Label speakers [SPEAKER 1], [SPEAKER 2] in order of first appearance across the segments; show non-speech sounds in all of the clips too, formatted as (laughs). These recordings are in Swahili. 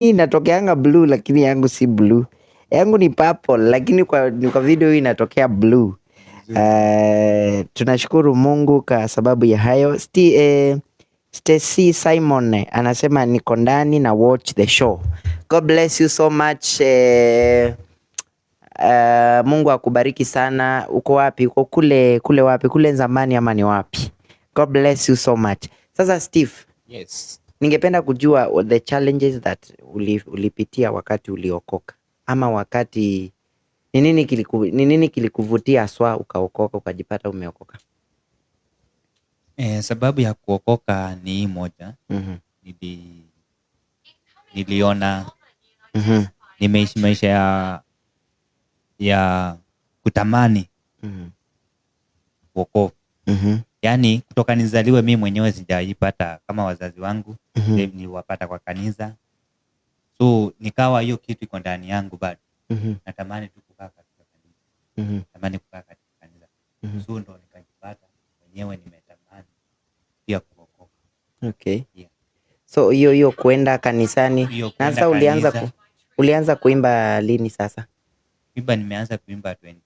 [SPEAKER 1] inatokeanga blue lakini yangu si blue. Yangu ni purple lakini kwa, kwa video hii inatokea blue. Uh, tunashukuru Mungu kwa sababu ya hayo. Sti, eh, Stacy Simon eh, anasema niko ndani na watch the show. God bless you so much. Eh, uh, Mungu akubariki sana. Uko wapi? Uko kule kule wapi? Kule zamani ama ni wapi? God bless you so much. Sasa Steve. Yes. Ningependa kujua the challenges that uli, ulipitia wakati uliokoka ama wakati ni nini kilikuvutia swa ukaokoka ukajipata umeokoka?
[SPEAKER 2] Eh, sababu ya kuokoka ni hii moja. mm-hmm. Nili, niliona mm-hmm. nimeishi maisha ya ya kutamani mhm. wokovu mm-hmm yani kutoka nizaliwe mi mwenyewe sijaipata kama wazazi wangu mm -hmm. niliwapata kwa kanisa, so nikawa hiyo kitu iko ndani yangu bado mm -hmm. natamani tu kukaa katika kanisa
[SPEAKER 1] mm -hmm. natamani
[SPEAKER 2] kukaa katika kanisa mm -hmm. so ndo nikajipata mwenyewe nimetamani pia kuokoka. Okay. Yeah.
[SPEAKER 1] So hiyo hiyo kuenda kanisani. Na sasa ulianza ku, ulianza kuimba lini sasa?
[SPEAKER 2] Kuimba nimeanza kuimba 20.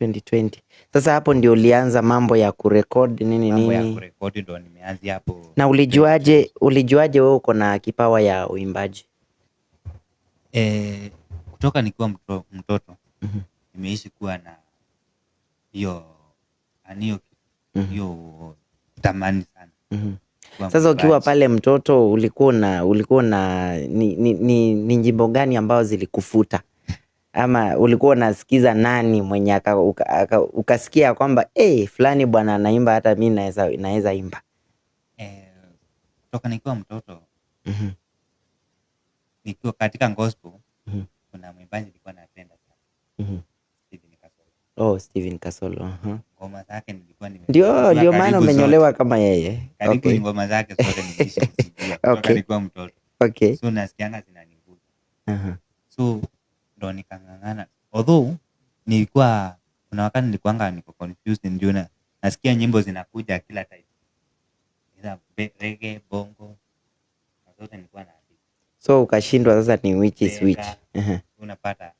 [SPEAKER 1] 2020. Sasa hapo ndio ulianza mambo ya kurekodi nini
[SPEAKER 2] mambo nini? Ya kurekodi ndo nimeanzia hapo.
[SPEAKER 1] Na ulijuaje, ulijuaje wewe uko na kipawa ya uimbaji?
[SPEAKER 2] Eh, kutoka nikiwa mto, mtoto mhm. nimeishi mm -hmm. kuwa na hiyo anio hiyo mm -hmm. tamani sana
[SPEAKER 1] mm -hmm. Sasa ukiwa pale mtoto ulikuwa na ulikuwa na ni, ni, ni, ni njimbo gani ambazo zilikufuta ama ulikuwa unasikiza nani mwenye uka, ukasikia kwamba hey, eh, fulani bwana anaimba hata mi naweza naweza imba
[SPEAKER 2] eh? Toka nikiwa mtoto mm -hmm. nikiwa katika gospel mm -hmm. kuna mwimbaji nilikuwa napenda sana mm -hmm. Steven Kasolo.
[SPEAKER 1] Oh, Steven Kasolo uh -huh.
[SPEAKER 2] ngoma zake nilikuwa nime
[SPEAKER 1] ndio ndio maana umenyolewa kama yeye
[SPEAKER 2] karibu okay. ngoma zake zote nilisha
[SPEAKER 1] (laughs) okay. nikiwa mtoto okay. so
[SPEAKER 2] nasikianga zinaniguza uh -huh. so ndo nikang'ang'ana although nilikuwa kuna wakati nilikuanga niko confused juu na nasikia nyimbo zinakuja kila time ila reggae bongo na zote nilikuwa na
[SPEAKER 1] so ukashindwa sasa ni which is which
[SPEAKER 2] uh -huh. unapata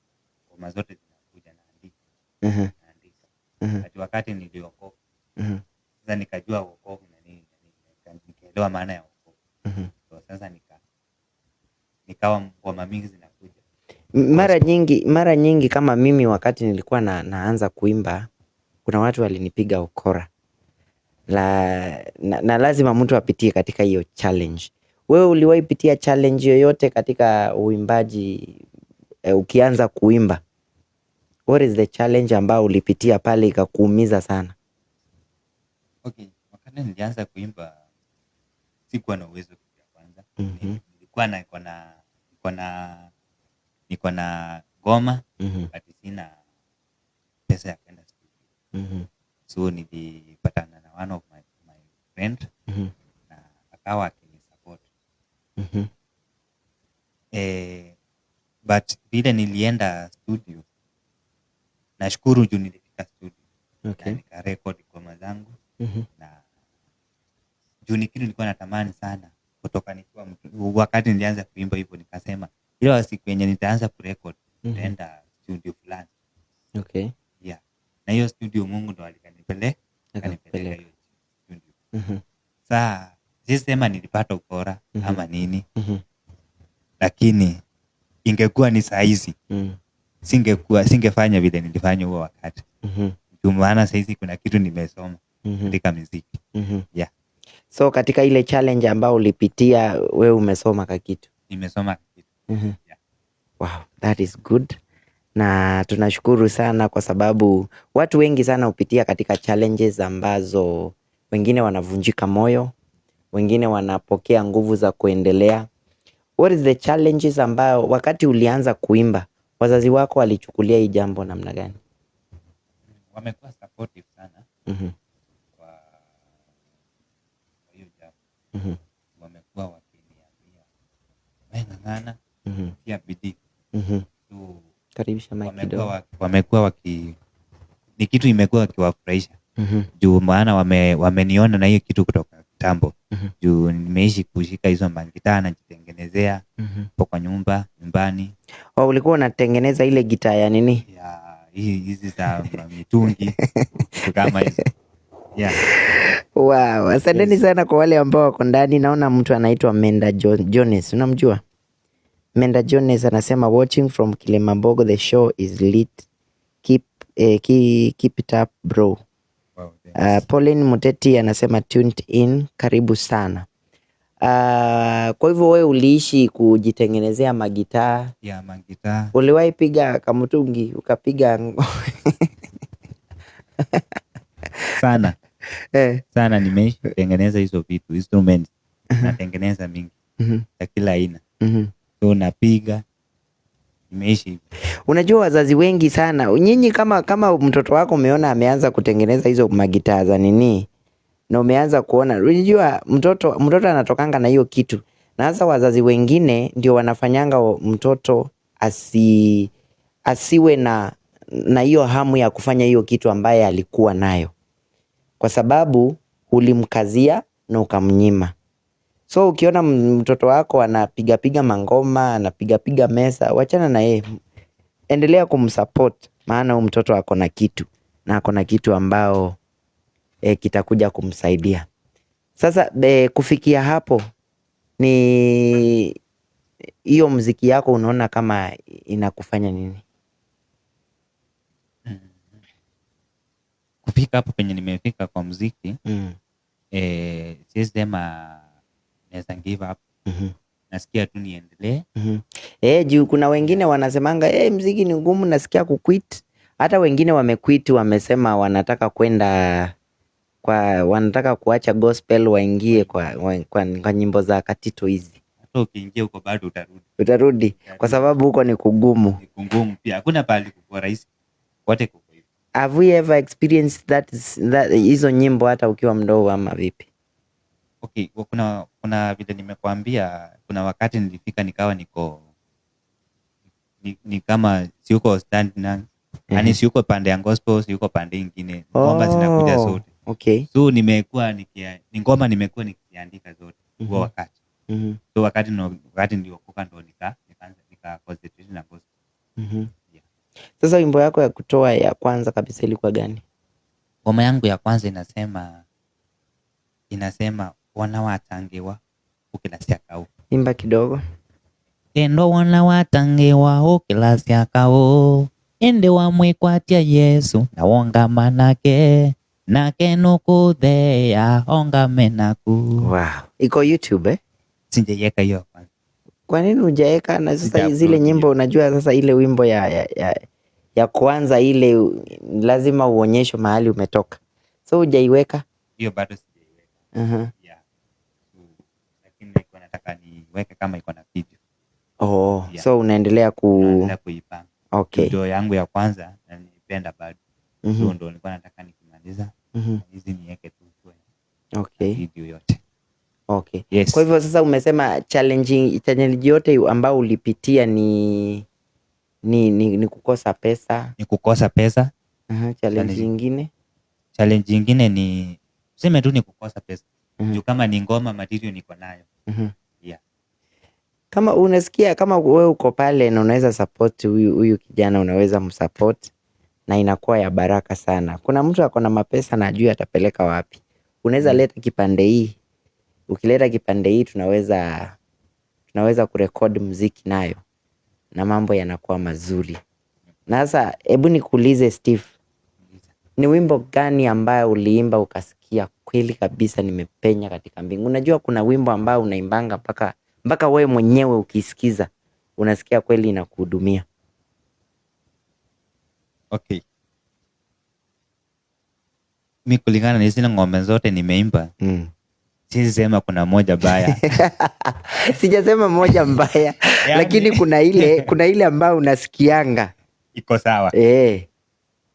[SPEAKER 2] ngoma zote zinakuja na andika
[SPEAKER 1] uh -huh. naandika
[SPEAKER 2] uh -huh. wakati niliokoka uh -huh. sasa nikajua wokovu na nini nikaelewa maana ya wokovu uh -huh. so, sasa nika nikawa ngoma mingi zina
[SPEAKER 1] mara nyingi mara nyingi kama mimi wakati nilikuwa na naanza kuimba, kuna watu walinipiga ukora. la, Na na lazima mtu apitie katika hiyo challenge. Wewe uliwahi pitia challenge yoyote katika uimbaji e, ukianza kuimba? What is the challenge ambao ulipitia pale ikakuumiza sana?
[SPEAKER 2] Okay, wakati nilianza kuimba sikuwa na uwezo kwanza mm -hmm. Nilikuwa na niko na niko na ngoma mm -hmm. sina pesa ya kwenda studio mm -hmm. so nilipatana na one of my, my friend
[SPEAKER 1] mm -hmm. na
[SPEAKER 2] akawa support mm -hmm. eh, but vile nilienda studio nashukuru juu nilifika studio okay. na nikarekod goma zangu mm -hmm. na juu ni kitu nilikuwa natamani sana kutoka nikiwa wakati nilianza kuimba hivyo nikasema ila siku yenye nitaanza kurekod mm -hmm. studio fulani okay. Yeah. Na hiyo studio Mungu ndo alikanipeleka
[SPEAKER 1] kanipeleka hiyo studio mm -hmm.
[SPEAKER 2] Saa sisema nilipata ukora mm -hmm. ama nini mm -hmm. Lakini ingekuwa ni saizi mm -hmm. Singekuwa singefanya vile nilifanya huo wakati mm -hmm. Ndio maana saizi kuna kitu nimesoma katika mm -hmm. katika muziki mm -hmm. yeah.
[SPEAKER 1] So katika ile challenge ambayo ulipitia wewe umesoma kakitu nimesoma Mhm. Yeah. Wow, that is good. Na tunashukuru sana kwa sababu watu wengi sana hupitia katika challenges ambazo wengine wanavunjika moyo, wengine wanapokea nguvu za kuendelea. What is the challenges ambayo wakati ulianza kuimba wazazi wako walichukulia hii jambo namna gani?
[SPEAKER 2] Wamekuwa supportive sana. Mhm. Kwa kwa hiyo jambo. Mhm. Wamekuwa wakiniambia, "Wewe ng'ang'ana." Mhm. kutia bidii
[SPEAKER 1] Mhm. Karibisha wamekuwa kidogo.
[SPEAKER 2] wamekuwa waki ni kitu imekuwa wakiwafurahisha mhm. juu maana wame, wameniona na hiyo kitu kutoka kitambo
[SPEAKER 1] mhm. juu
[SPEAKER 2] nimeishi kushika hizo magitaa najitengenezea Mhm. po kwa nyumba nyumbani
[SPEAKER 1] Oh, ulikuwa unatengeneza ile gitaa ya nini?
[SPEAKER 2] ya hizi za mitungi kama hizo yeah.
[SPEAKER 1] Wow, asanteni Yes. sana kwa wale ambao wako ndani. Naona mtu anaitwa Menda Jo- Jones, unamjua? Menda Jones anasema watching from Kilimambogo the show is lit. Keep, eh, keep it up bro. Wow, uh, Pauline Muteti anasema tuned in, karibu sana. Uh, kwa hivyo wewe uliishi kujitengenezea magitaa
[SPEAKER 2] yeah, magitaa.
[SPEAKER 1] Uliwahi piga kamutungi ukapiga sana (laughs) eh,
[SPEAKER 2] sana nimeishi kutengeneza hizo vitu instruments uh-huh. natengeneza mingi mm -hmm. Ya kila aina mm -hmm unapiga napiga
[SPEAKER 1] Unajua wazazi wengi sana, nyinyi kama kama mtoto wako umeona ameanza kutengeneza hizo magitaa za nini na umeanza kuona, unajua mtoto mtoto anatokanga na hiyo kitu, na hasa wazazi wengine ndio wanafanyanga mtoto asi asiwe na na hiyo hamu ya kufanya hiyo kitu ambaye alikuwa nayo, kwa sababu ulimkazia na ukamnyima. So ukiona mtoto wako anapiga piga mangoma, anapiga piga mesa, wachana na yeye. Endelea kumsupport maana huyu mtoto ako na kitu na ako na kitu ambao e, kitakuja kumsaidia. Sasa be, eh, kufikia hapo ni hiyo mziki yako unaona kama inakufanya nini?
[SPEAKER 2] Kufika hapo penye nimefika kwa mziki mm. E, siwezi sema naweza give up mm -hmm. nasikia tu niendelee
[SPEAKER 1] mm -hmm. Eh, juu kuna wengine wanasemanga eh, mziki ni ngumu, nasikia kuquit. Hata wengine wamequit, wamesema wanataka kwenda kwa wanataka kuacha gospel waingie kwa, kwa, kwa kwa nyimbo za katito hizi
[SPEAKER 2] hata ukiingia huko bado utarudi.
[SPEAKER 1] Utarudi utarudi kwa sababu huko ni kugumu, ni
[SPEAKER 2] kugumu pia, hakuna pahali kwa rahisi, wote kuko hivyo.
[SPEAKER 1] Have we ever experienced that, that hizo nyimbo hata ukiwa mdogo ama vipi?
[SPEAKER 2] okay, kuna kuna vile nimekuambia, kuna wakati nilifika nikawa niko ni, ni kama siuko stand na mm -hmm. yani siuko pande ya gospel, siuko pande nyingine
[SPEAKER 1] ngoma oh, zinakuja zote okay.
[SPEAKER 2] So nimekuwa nikia ni ngoma nimekuwa nikiandika zote mm -hmm. wakati mm -hmm. so wakati no, wakati niliokoka ndo nika nikaanza nika concentrate na gospel
[SPEAKER 1] mm -hmm. yeah. Sasa wimbo yako ya kutoa ya kwanza kabisa ilikuwa gani?
[SPEAKER 2] Ngoma yangu ya kwanza inasema inasema wona watangĩwa ukĩra kau
[SPEAKER 1] imba kidogo tendwa wona watangiwa ukĩra kau indi wamwikwatia yesu na nake nake nukuthea ongame naku wow. iko youtube eh?
[SPEAKER 2] sijaiweka hiyo
[SPEAKER 1] kwa nini hujaeka na sasa zile nyimbo unajua sasa ile wimbo ya, ya, ya, ya kwanza ile lazima uonyeshwe mahali umetoka so hujaiweka
[SPEAKER 2] hiyo bado sijaiweka uh -huh niweke kama iko na video.
[SPEAKER 1] Oh, yeah. So unaendelea ku kuipanga. Okay. Video
[SPEAKER 2] yangu ya kwanza na nilipenda bado. Mm -hmm. So ndio nilikuwa nataka nikimaliza mm hizi -hmm. niweke tu okay. video yote.
[SPEAKER 1] Okay. Yes. Kwa hivyo sasa umesema challenging, challenge yote ambayo ulipitia ni ni, ni, ni kukosa pesa.
[SPEAKER 2] Ni kukosa pesa.
[SPEAKER 1] Aha, challenge nyingine.
[SPEAKER 2] Challenge nyingine ni tuseme tu ni kukosa pesa. Mm -hmm. Juu kama ni ngoma material niko nayo.
[SPEAKER 1] Mm -hmm kama unasikia kama wewe uko pale na unaweza support huyu huyu kijana unaweza msupport na inakuwa ya baraka sana. Kuna mtu ako na mapesa na ajui atapeleka wapi. Unaweza mm. leta kipande hii. Ukileta kipande hii tunaweza tunaweza kurekod muziki nayo na mambo yanakuwa mazuri. Na sasa hebu nikuulize Steve, ni wimbo gani ambayo uliimba ukasikia kweli kabisa nimepenya katika mbingu? Unajua kuna wimbo ambao unaimbanga mpaka mpaka wewe mwenyewe ukisikiza unasikia kweli inakuhudumia.
[SPEAKER 2] Okay, mi kulingana na hizi ng'ombe zote nimeimba mm. Sisema kuna moja mbaya
[SPEAKER 1] (laughs) sijasema moja mbaya yani... lakini kuna ile kuna ile ambayo unasikianga
[SPEAKER 2] iko sawa eh,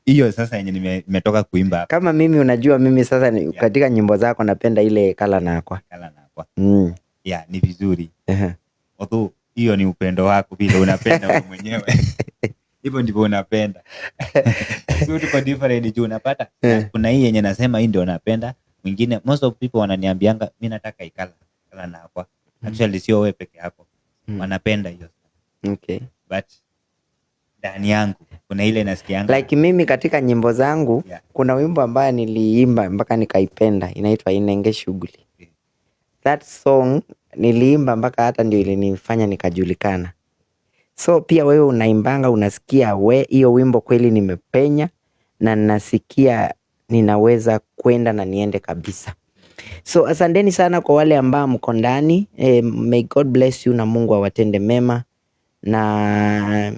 [SPEAKER 2] hiyo sasa yenye nimetoka kuimba
[SPEAKER 1] kama mimi. Unajua mimi sasa yeah. katika nyimbo zako napenda ile kala nakwa kala nakwa mm
[SPEAKER 2] yeah, ni vizuri although hiyo ni upendo wako vile unapenda wewe mwenyewe (laughs) hivyo ndivyo unapenda so (laughs) tuko different juu unapata eh. kuna hii yenye nasema hii ndio napenda mwingine most of people wananiambianga mi nataka ikala kala na hapa mm. actually sio wewe peke yako mm. wanapenda hiyo okay but ndani yangu kuna ile nasikianga
[SPEAKER 1] like mimi katika nyimbo zangu yeah. kuna wimbo ambaye niliimba mpaka nikaipenda inaitwa inenge shughuli that song niliimba mpaka hata ndio ilinifanya nikajulikana. So pia wewe unaimbanga, unasikia we hiyo wimbo kweli nimepenya na nasikia ninaweza kwenda na niende kabisa. So asanteni sana kwa wale ambao mko ndani E, may God bless you na Mungu awatende mema. Na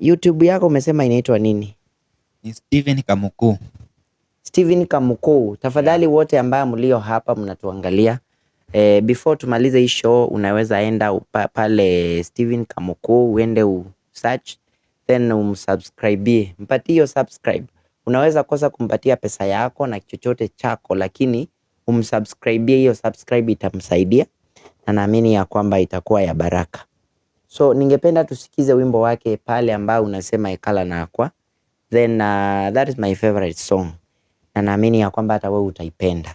[SPEAKER 1] YouTube yako umesema inaitwa nini?
[SPEAKER 2] Ni Steven Kamuku.
[SPEAKER 1] Steven Kamuku, tafadhali wote ambao mlio hapa mnatuangalia E, before tumalize hii show unaweza enda upa, pale Steven Kamuku uende u search then umsubscribe, mpatie hiyo subscribe. Unaweza kosa kumpatia pesa yako na chochote chako, lakini umsubscribe, hiyo subscribe itamsaidia na naamini ya kwamba itakuwa ya baraka. So ningependa tusikize wimbo wake pale ambao unasema ikala na Akwa, then uh, that is my favorite song na naamini ya kwamba hata wewe utaipenda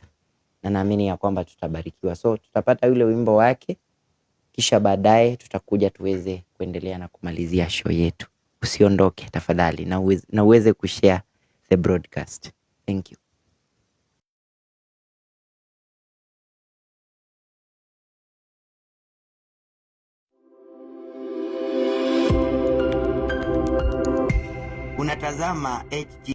[SPEAKER 1] na naamini ya kwamba tutabarikiwa. So tutapata yule wimbo wake, kisha baadaye tutakuja tuweze kuendelea na kumalizia show yetu. Usiondoke tafadhali, na uweze, na uweze kushare the broadcast. Thank you. Unatazama HG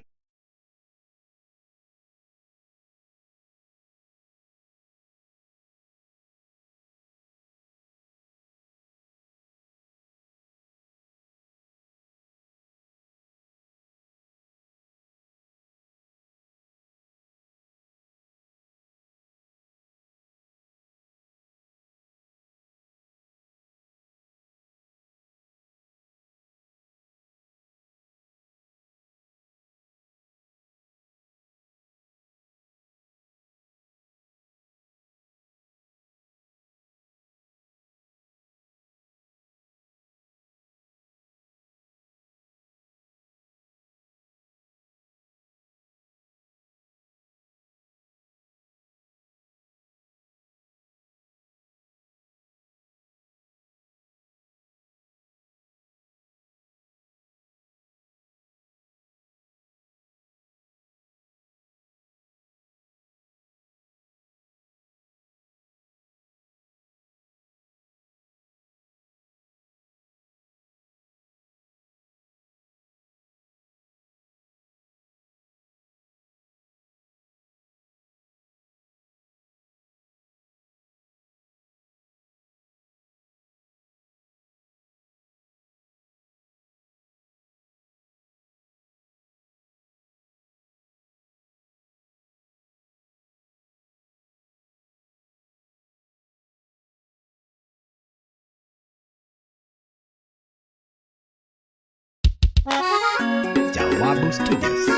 [SPEAKER 1] Wabo Studios.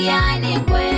[SPEAKER 1] behind it.